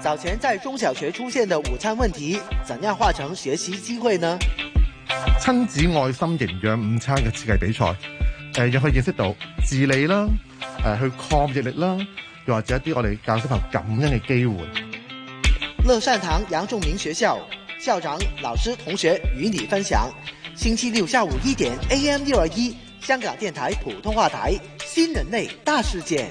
早前在中小學出現的午餐問題，怎樣化成學習機會呢？親子愛心營養午餐嘅設計比賽，誒、呃，又可以認識到自理啦，誒、呃，去抗逆力啦，又或者一啲我哋教小朋友感恩嘅機會。樂善堂楊仲明學校校長、老師、同學與你分享。星期六下午一點，AM 六二一，香港電台普通話台，新人類大事件。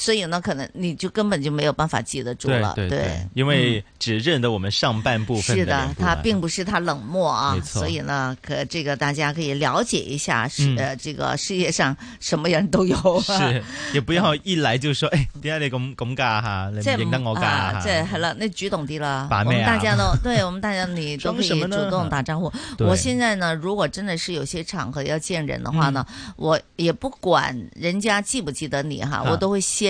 所以呢，可能你就根本就沒有辦法記得住了。對，對對，因為只認得我們上半部分、啊。是的，他並不是他冷漠啊。所以呢，可這個大家可以了解一下，是、嗯，呃，這個世界上什麼人都有、啊。是，也不要一來就說、嗯、哎，點解你咁咁噶哈？你認得我噶哈？這好，好，好，好、啊啊啊啊、好了，那舉動啲了、啊。我們大家都 對，我們大家你都可以主動打招呼、啊。我現在呢，如果真的是有些場合要見人的話呢，嗯、我也不管人家記不記得你哈、啊啊，我都會先。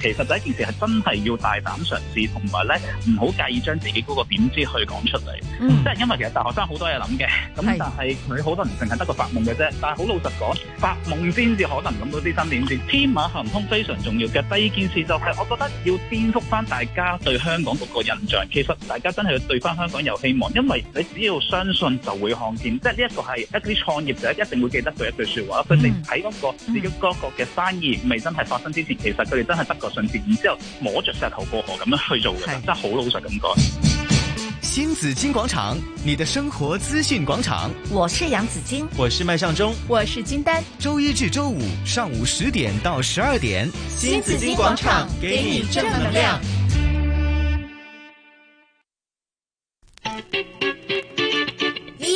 其實第一件事係真係要大膽嘗試，同埋咧唔好介意將自己嗰個點子去講出嚟。嗯，即係因為其實大學生好多嘢諗嘅，咁但係佢好多人淨係得個發夢嘅啫。但係好老實講，發夢先至可能諗到啲新點子，天馬行空非常重要嘅。第二件事就係我覺得要顛覆翻大家對香港嗰個印象。其實大家真係要對翻香港有希望，因為你只要相信就會看見。即係呢一個係一啲創業者一定會記得嘅一句說話。佢哋喺嗰個自己嗰個嘅生意未真係發生之前，嗯、其實佢哋真係得。個信念，然之後摸着石頭過河咁樣去做嘅，真係好老實咁講。新紫金廣場，你的生活資訊廣場，我是楊紫金，我是麥尚中，我是金丹。週一至週五上午十點到十二點，新紫金廣場，給你正能量。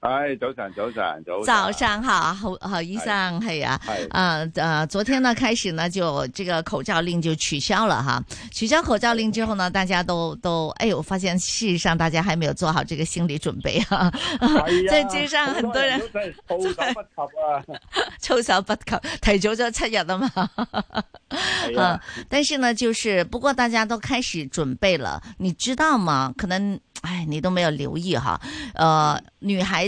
哎，早晨，早晨，早早上，好，好，醫生係啊，啊啊、呃呃，昨天呢開始呢就這個口罩令就取消了哈，取消口罩令之後呢，大家都都，哎，我發現事實上大家還沒有做好這個心理準備哈、啊，在、哎、街 上很多人真措手不及 啊，措手不及，提早咗七日啊嘛，係，但是呢，就是不過大家都開始準備了，你知道嗎？可能，哎，你都沒有留意哈，呃，女孩。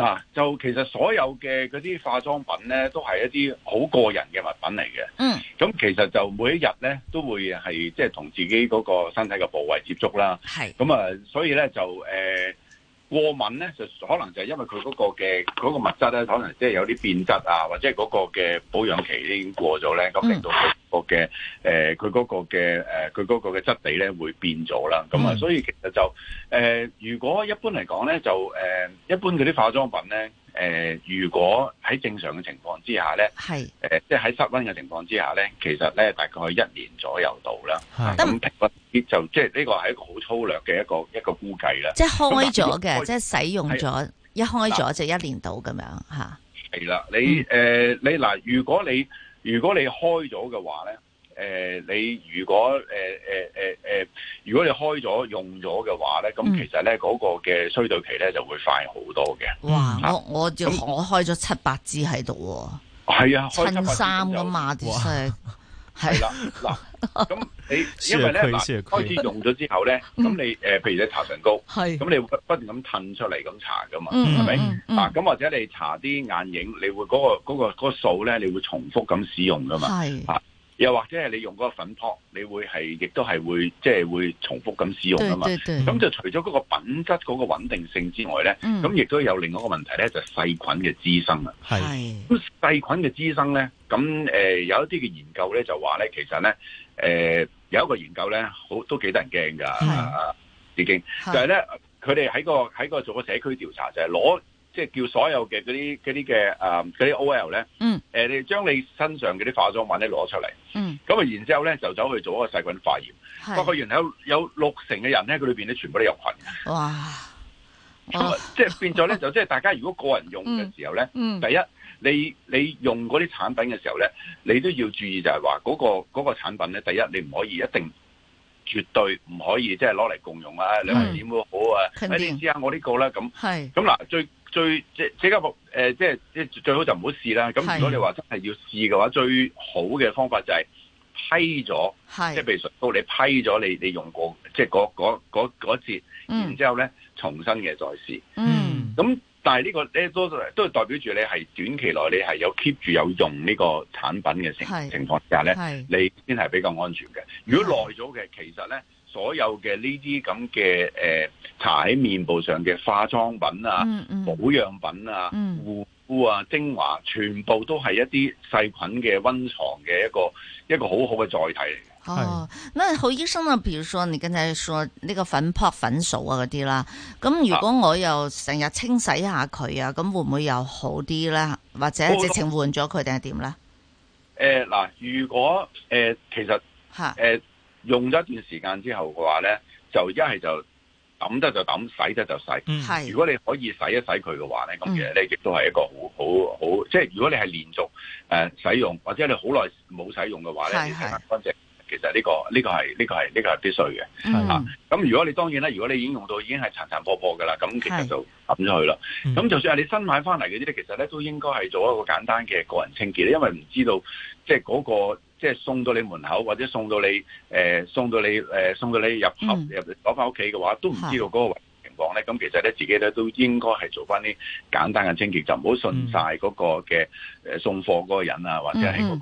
嗱，就其實所有嘅嗰啲化妝品咧，都係一啲好個人嘅物品嚟嘅。嗯，咁其實就每一日咧，都會係即係同自己嗰個身體嘅部位接觸啦。係，咁、嗯、啊，所以咧就誒。呃過敏咧，就可能就係因為佢嗰個嘅嗰個物質咧，可能即係有啲變質啊，或者係嗰個嘅保養期已經過咗咧，咁令到、呃、佢個嘅誒，佢、呃、嗰個嘅誒，佢、呃、嗰個嘅質地咧會變咗啦。咁啊，所以其實就誒、呃，如果一般嚟講咧，就誒、呃，一般嗰啲化妝品咧。誒，如果喺正常嘅情況之下咧，係誒，即係喺室溫嘅情況之下咧，其實咧大概一年左右到啦。係，咁結就即係呢個係一個好粗略嘅一個一個估計啦。即係開咗嘅，即係使用咗一開咗就一年到咁樣嚇。係啦，你誒你嗱，如果你如果你開咗嘅話咧。誒、呃，你如果誒誒誒誒，如果你開咗用咗嘅話咧，咁其實咧嗰個嘅衰退期咧就會快好多嘅。哇！我我、嗯、我開咗七八支喺度喎，係啊，褪衫噶嘛啲衰，係啦嗱。咁你因為咧開始用咗之後咧，咁你誒，譬如你搽唇膏，係，咁你會不斷咁褪出嚟咁搽噶嘛，係、嗯、咪？嗱，咁、嗯嗯嗯嗯嗯嗯嗯嗯、或者你搽啲眼影，你會嗰、那個嗰、那個嗰、那個數咧、那個，你會重複咁使用噶嘛，係啊。又或者係你用嗰個粉撲，你會係亦都係會即係、就是、會重複咁使用啊嘛。咁就除咗嗰個品質嗰個穩定性之外咧，咁、嗯、亦都有另外一個問題咧，就係細、是、菌嘅滋生啊。係，咁細菌嘅滋生咧，咁誒、呃、有一啲嘅研究咧就話咧，其實咧誒、呃、有一個研究咧好都幾得人驚噶，已經就係咧佢哋喺個喺個做個社區調查就係攞。即係叫所有嘅嗰啲啲嘅啊啲 O.L. 咧，誒、嗯，你、呃、將你身上嘅啲化妝品咧攞出嚟，咁、嗯、啊，然之後咧就走去做一個細菌化驗，化驗完有有六成嘅人咧，佢裏邊咧全部都有菌。哇！哇嗯、即係變咗咧，就即、是、係大家如果個人用嘅時候咧、嗯嗯，第一，你你用嗰啲產品嘅時候咧，你都要注意就係話嗰個嗰、那個、產品咧，第一你唔可以一定絕對唔可以即係攞嚟共用啊，嗯、你話點都好啊？肯定。哎、你試下我呢個啦，咁，係，咁嗱最。最即係即係個，誒，即係即係最好就唔好試啦。咁如果你話真係要試嘅話，的最好嘅方法就係批咗，即係譬如到你批咗，你你用過即係嗰嗰次然之後咧、嗯、重新嘅再試。咁、嗯、但係呢個咧多數都係代表住你係短期內你係有 keep 住有用呢個產品嘅情情況下咧，你先係比較安全嘅。如果耐咗嘅，其實咧。所有嘅呢啲咁嘅誒搽喺面部上嘅化妝品啊、嗯嗯、保養品啊、護、嗯、膚啊、精華，全部都係一啲細菌嘅溫床嘅一個一個好好嘅載體嚟。哦，咁侯醫生啊？譬如說，你剛才説呢個粉撲粉掃啊嗰啲啦，咁如果我又成日清洗一下佢啊，咁會唔會又好啲咧？或者直情換咗佢定係點咧？誒、哦、嗱，如果誒其實誒。呃啊用咗一段時間之後嘅話咧，就一係就抌得就抌，洗得就洗、嗯。如果你可以洗一洗佢嘅話咧，咁、嗯、其實咧亦都係一個好、嗯、好好，即係如果你係連續、呃、使用，或者你好耐冇使用嘅話咧，嗯、你乾淨其實呢、呢個呢、呢個係呢、呢個係呢、呢個係必須嘅、嗯。啊，咁如果你當然呢，如果你已經用到已經係殘殘破破嘅啦，咁其實就抌咗佢啦。咁就算係你新買翻嚟嗰啲咧，其實咧都應該係做一個簡單嘅個人清潔，因為唔知道即係嗰個。即係送到你門口，或者送到你誒、呃，送到你誒、呃呃，送到你入盒入攞翻屋企嘅話，都唔知道嗰個情況咧。咁其實咧，自己咧都應該係做翻啲簡單嘅清潔，就唔好信晒嗰個嘅誒送貨嗰個人啊、嗯，或者係個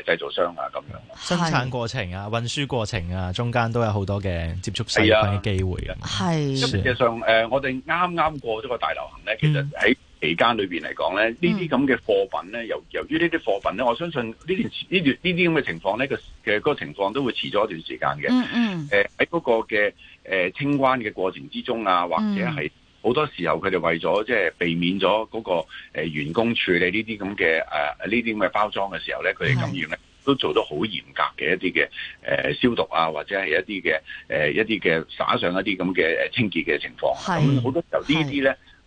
誒製造商啊咁、嗯、樣。生產過程啊，運輸過程啊，中間都有好多嘅接觸細菌嘅機會嘅。係咁，實際上誒，我哋啱啱過咗個大流行咧，其實係、嗯。期間裏邊嚟講咧，呢啲咁嘅貨品咧，由、嗯、由於呢啲貨品咧，我相信呢段呢段呢啲咁嘅情況咧，個嘅嗰個情況都會遲咗一段時間嘅。嗯嗯、呃。喺嗰個嘅誒、呃、清關嘅過程之中啊，或者係好多時候佢哋為咗即係避免咗嗰個誒員工處理呢啲咁嘅誒呢啲咁嘅包裝嘅時候咧，佢哋咁樣咧都做咗好嚴格嘅一啲嘅誒消毒啊，或者係一啲嘅誒一啲嘅灑上一啲咁嘅誒清潔嘅情況、啊。係、嗯。好多時候呢啲咧。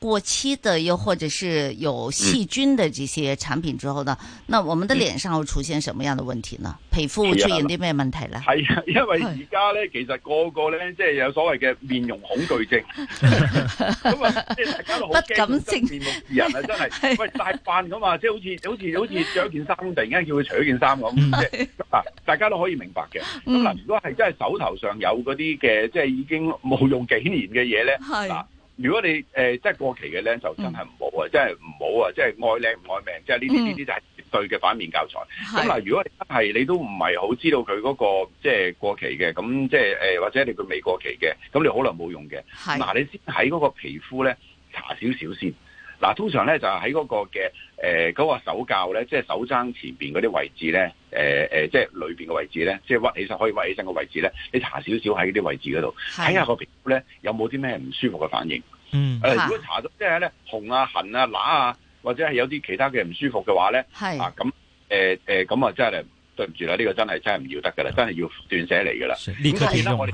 過期的又或者是有細菌的這些產品之後呢？嗯、那我們的臉上會出現什麼樣的問題呢？皮膚會出現啲咩問題呢？係啊，啊，因為而家咧其實個個咧即係有所謂嘅面容恐懼症，咁啊即係大家都好驚變面目人啊， 真係喂大范啊嘛，即、就、係、是、好似 好似好似着一件衫，突然間叫佢除咗件衫咁，即 係、嗯、大家都可以明白嘅。咁、嗯、嗱、嗯，如果係真係手頭上有嗰啲嘅即係已經冇用幾年嘅嘢咧，嗱。嗯如果你誒即係過期嘅咧，就真係唔好啊！真係唔好啊！即係愛靚唔愛命，即係呢啲呢啲就係絕對嘅反面教材。咁嗱，如果係你，你都唔係好知道佢嗰個即係過期嘅，咁即係誒或者你佢未過期嘅，咁你好耐冇用嘅。嗱，你先喺嗰個皮膚咧搽少少先。嗱，通常咧就係喺嗰個嘅誒嗰個手教咧，即係手踭前面嗰啲位置咧，誒、呃、即係裏面嘅位置咧，即係屈起身可以屈起身嘅位置咧，你搽少少喺啲位置嗰度，睇下、啊、個皮膚咧有冇啲咩唔舒服嘅反應。嗯、呃，如果搽到、啊、即係咧紅啊、痕啊、乸啊，或者係有啲其他嘅唔舒服嘅話咧，啊咁誒咁啊、呃呃呃呃呃、真係對唔住啦，呢、這個真係真係唔要得噶啦，真係要斷捨離噶啦。咁我哋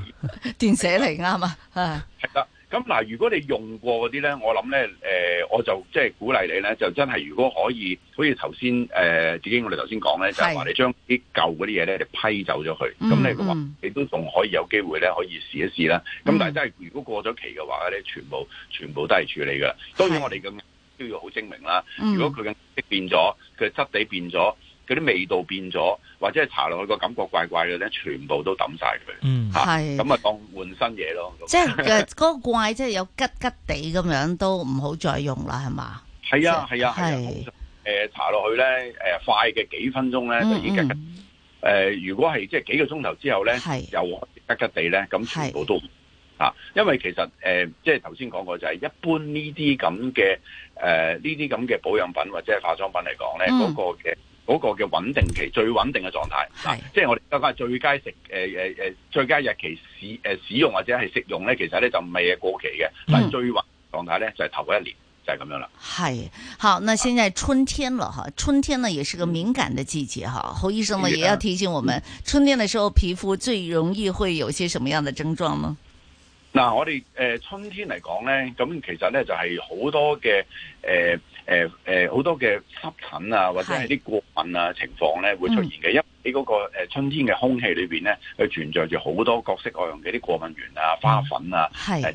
斷 捨離啱啊。 咁嗱，如果你用過嗰啲咧，我諗咧、呃，我就即係鼓勵你咧，就真係如果可以，好似頭先誒，自己我哋頭先講咧，就係、是、話你將啲舊嗰啲嘢咧，你批走咗佢。咁、嗯、你話、嗯、你都仲可以有機會咧，可以試一試啦。咁但係真係、嗯、如果過咗期嘅話咧，全部全部都係處理噶喇。當然我哋咁都要好精明啦。嗯、如果佢嘅色變咗，佢嘅質地變咗。嗰啲味道變咗，或者係搽落去個感覺怪怪嘅咧，全部都抌晒佢。嗯，咁啊，就當換新嘢咯。即係嗰 個怪，即係有吉吉地咁樣，都唔好再用啦，係嘛？係啊，係、係、啊，係、啊。誒、啊，搽落、啊嗯、去咧，快嘅幾分鐘咧、嗯，就已經吉吉地、嗯。如果係即係幾個鐘頭之後咧，又吉吉地咧，咁全部都嚇、啊。因為其實、呃、即係頭先講過就係一般呢啲咁嘅呢啲咁嘅保養品或者係化妝品嚟講咧，嗰個嘅。嗰、那個嘅穩定期最穩定嘅狀態，係、啊、即係我哋嗰個最佳食誒誒誒最佳日期使誒、呃、使用或者係食用咧，其實咧就唔係過期嘅、嗯，但係最穩定嘅狀態咧就係、是、頭一年就係、是、咁樣啦。係好，那現在春天了哈，春天呢也是個敏感的季節哈，侯醫生呢也要提醒我們，春天的時候皮膚最容易會有些什麼樣的症狀呢？嗱、啊，我哋誒、呃、春天嚟講咧，咁其實咧就係、是、好多嘅誒。呃誒、呃、誒，好、呃、多嘅濕疹啊，或者係啲過敏啊情況咧，會出現嘅。一喺嗰個春天嘅空氣裏面咧，佢存在住好多各式各樣嘅啲過敏原啊、花粉啊、呃、塵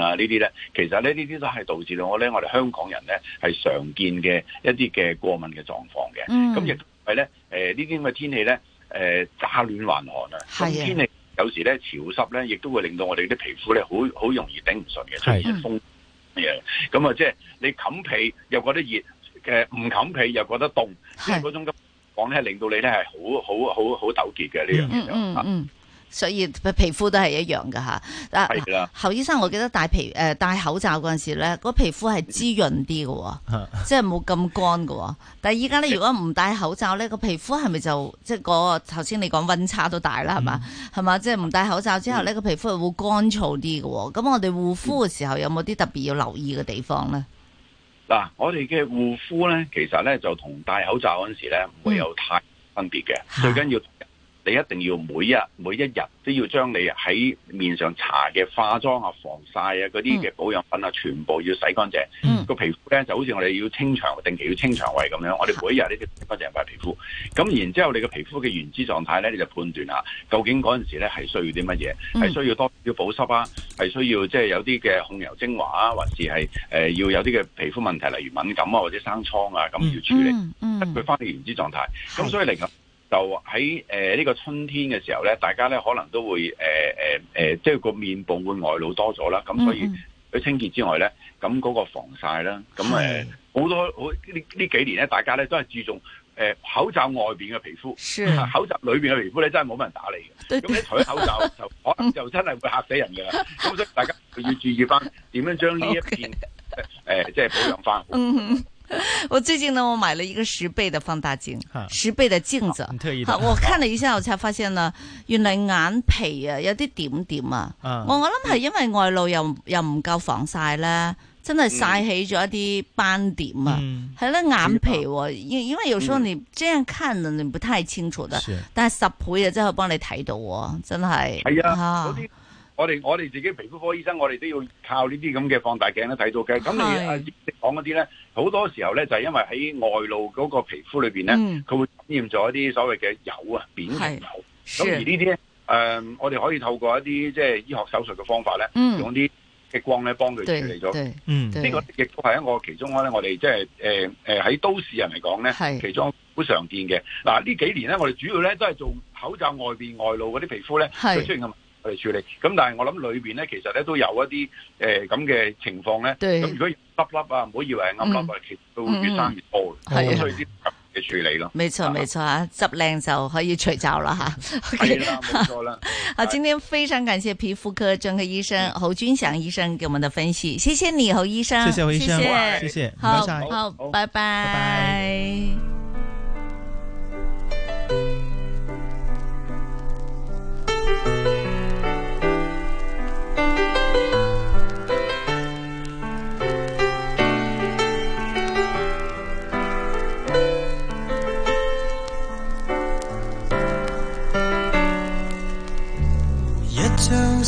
啊呢啲咧，其實咧呢啲都係導致到我咧，我哋香港人咧係常見嘅一啲嘅過敏嘅狀況嘅。咁亦都係咧，誒呢啲咁嘅天氣咧，誒、呃、乍暖還寒啊，天氣有時咧潮濕咧，亦都會令到我哋啲皮膚咧好好容易頂唔順嘅，出現風咁、嗯、啊，即係你冚被又覺得熱，誒、嗯，唔冚被又覺得凍，即係嗰種咁講咧，令到你咧係好好好好糾結嘅呢樣嘢咯吓。所以皮皮膚都係一樣嘅吓，但係侯醫生，我記得戴皮誒戴口罩嗰陣時咧，個皮膚係滋潤啲嘅， 即係冇咁乾嘅。但係依家咧，如果唔戴口罩咧，個皮膚係咪就即係個頭先你講溫差都大啦，係嘛，係嘛，即係唔戴口罩之後咧，個、嗯、皮膚係會乾燥啲嘅。咁我哋護膚嘅時候有冇啲特別要留意嘅地方咧？嗱、啊，我哋嘅護膚咧，其實咧就同戴口罩嗰陣時咧，唔會有太分別嘅、嗯啊，最緊要。你一定要每日每一日都要將你喺面上搽嘅化妝啊、防曬啊、嗰啲嘅保養品啊，全部要洗乾淨。個、嗯、皮膚咧就好似我哋要清腸，定期要清腸胃咁樣。我哋每一日呢啲洗乾淨塊皮膚。咁然之後，你嘅皮膚嘅原脂狀態咧，你就判斷啊，究竟嗰陣時咧係需要啲乜嘢？係、嗯、需要多少保濕啊？係需要即係、就是、有啲嘅控油精華啊？還是係誒、呃、要有啲嘅皮膚問題，例如敏感啊，或者生瘡啊，咁要處理。嗯嗯。得佢翻原脂狀態。咁所以嚟講。就喺誒呢個春天嘅時候咧，大家咧可能都會誒誒即係個面部會外露多咗啦，咁所以喺清潔之外咧，咁、mm、嗰 -hmm. 個防曬啦，咁好、mm -hmm. 呃、多好呢呢幾年咧，大家咧都係注重誒、呃、口罩外面嘅皮膚，sure. 口罩裏面嘅皮膚咧真係冇乜人打理嘅，咁 你除口罩就可能就真係會嚇死人㗎。咁、mm -hmm. 所以大家要注意翻點樣將呢一片誒即係保養翻。Mm -hmm. 我最近呢，我買了一個十倍的放大鏡、啊，十倍的鏡子，很特意的啊，我看了一下，我才發現呢，原來眼皮啊，有啲點、點點啊。嗯、我我諗係因為外露又又唔夠防曬咧，真係曬起咗一啲斑點啊。係、嗯、咧眼皮、啊，因、啊、因為有時候你這樣看呢、啊，你不太清楚的。是但係十倍啊，真係幫你睇到啊，真係。係、哎、啊。我哋我哋自己皮膚科醫生，我哋都要靠呢啲咁嘅放大鏡咧睇到嘅。咁你誒講嗰啲咧，好多時候咧就係、是、因為喺外露嗰個皮膚裏邊咧，佢、嗯、會沾染咗一啲所謂嘅油啊、扁平疣。咁而呢啲咧誒，我哋可以透過一啲即係醫學手術嘅方法咧、嗯，用啲激光咧幫佢處理咗。呢、嗯這個亦都係一個其中咧，我哋即係誒誒喺都市人嚟講咧，係其中好常見嘅。嗱、啊、呢幾年咧，我哋主要咧都係做口罩外邊外露嗰啲皮膚咧，會出現咁。處理，咁但係我諗裏邊咧、嗯，其實咧都有一啲誒咁嘅情況咧。對、嗯。咁如果執笠啊，唔好以為係凹凹啊，其實都越生越多係。需要啲嘅處理咯。沒錯，沒錯啊，執靚就可以除皺啦吓。係 啦，冇錯啦。 好、嗯，今天非常感謝皮膚科專科醫生侯鈞翔醫生給我們的分析，謝謝你，侯醫生。謝謝侯醫生謝謝。謝謝。好。好。拜拜。拜拜。Bye bye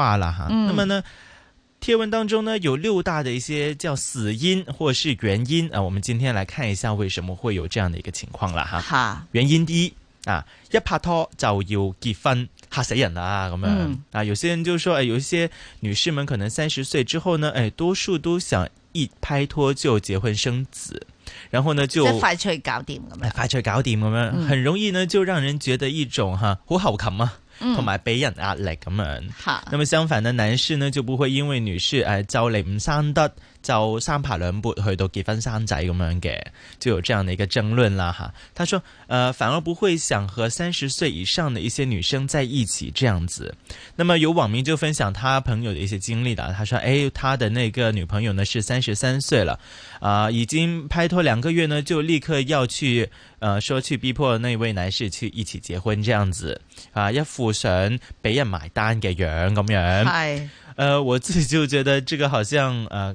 化了哈，那麼呢，帖文當中呢有六大的一些叫死因或是原因啊，我們今天來看一下為什麼會有這樣的一個情況了、啊、哈。原因第一啊，一拍拖就要結婚，嚇死人啦、啊！咁樣、嗯、啊，有些人就說誒、哎，有一些女士們可能三十歲之後呢，哎，多數都想一拍拖就結婚生子，然後呢就快脆搞掂咁樣，快脆搞掂咁樣，很容易呢就讓人覺得一種哈，我、啊、好，好看嗎、啊？同埋畀人壓力咁樣，咁、嗯、相反咧，男士呢就唔會因為女士誒就嚟唔生得。就三拍兩撥去到結婚生仔咁樣嘅，就有這樣的一個爭論啦哈，他說：，呃，反而不會想和三十歲以上的一些女生在一起這樣子。那麼有網民就分享他朋友的一些經歷啦。他說：，哎他的那個女朋友呢是三十三歲了，啊，已經拍拖兩個月呢，就立刻要去，呃，說去逼迫那位男士去一起結婚這樣子，啊，要附上俾人買單嘅樣咁樣。係，呃我自己就覺得這個好像，呃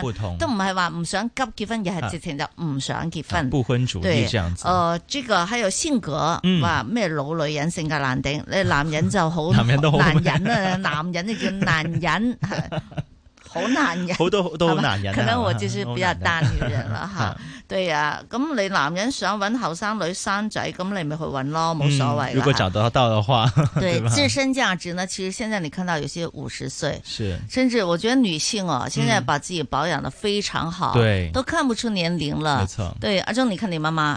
不同都唔係話唔想急結婚，而、啊、係直情就唔想結婚、啊。不婚主義，對，呃、這誒，個係有性格，話、嗯、咩老女人性格難頂、嗯，你男人就好， 男人都好，男人啊， 男人就叫男人。 好男人， 好多都好男人。可能我就是比較大女人了。嗯、哈，對呀、啊。咁你男人想揾後生女生仔，咁你咪去揾咯，冇所謂。如果找得到的話，對自身價值呢？其實現在你看到有些五十歲，是甚至我覺得女性哦，現在把自己保養得非常好，對、嗯，都看不出年齡了。對沒錯，對阿鍾，你看你媽媽。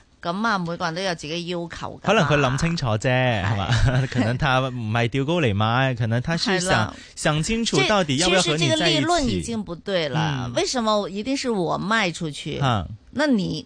咁啊，每個人都有自己要求嘅。可能佢諗清楚啫，係嘛？可能他唔係吊高嚟賣，可能他是想 想清楚到底要不要和你在一起。其實這個利潤已經不對了。嗯，為什麼一定是我賣出去？嗯，那你？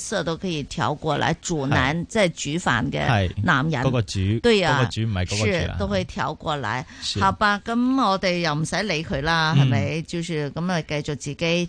色都可以調過來，煮男即係煮飯嘅男人，嗰個煮對啊，個煮唔係是都可以調過來，好吧，咁我哋又唔使理佢啦，係咪？就是咁啊，繼續自己。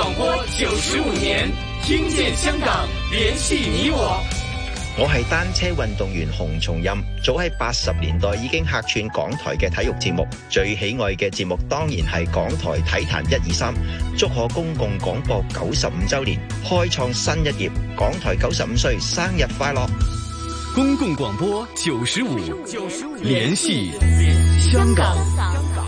廣播九十五年，聽見香港，聯繫你我。我係單車運動員洪重任。早喺八十年代已經客串港台嘅體育節目，最喜愛嘅節目當然係港台《體壇一二三》。祝賀公共廣播九十五周年，開創新一頁，港台九十五歲生日快樂！公共廣播九十五九十五，聯繫，聯繫，聯繫香港。香港香港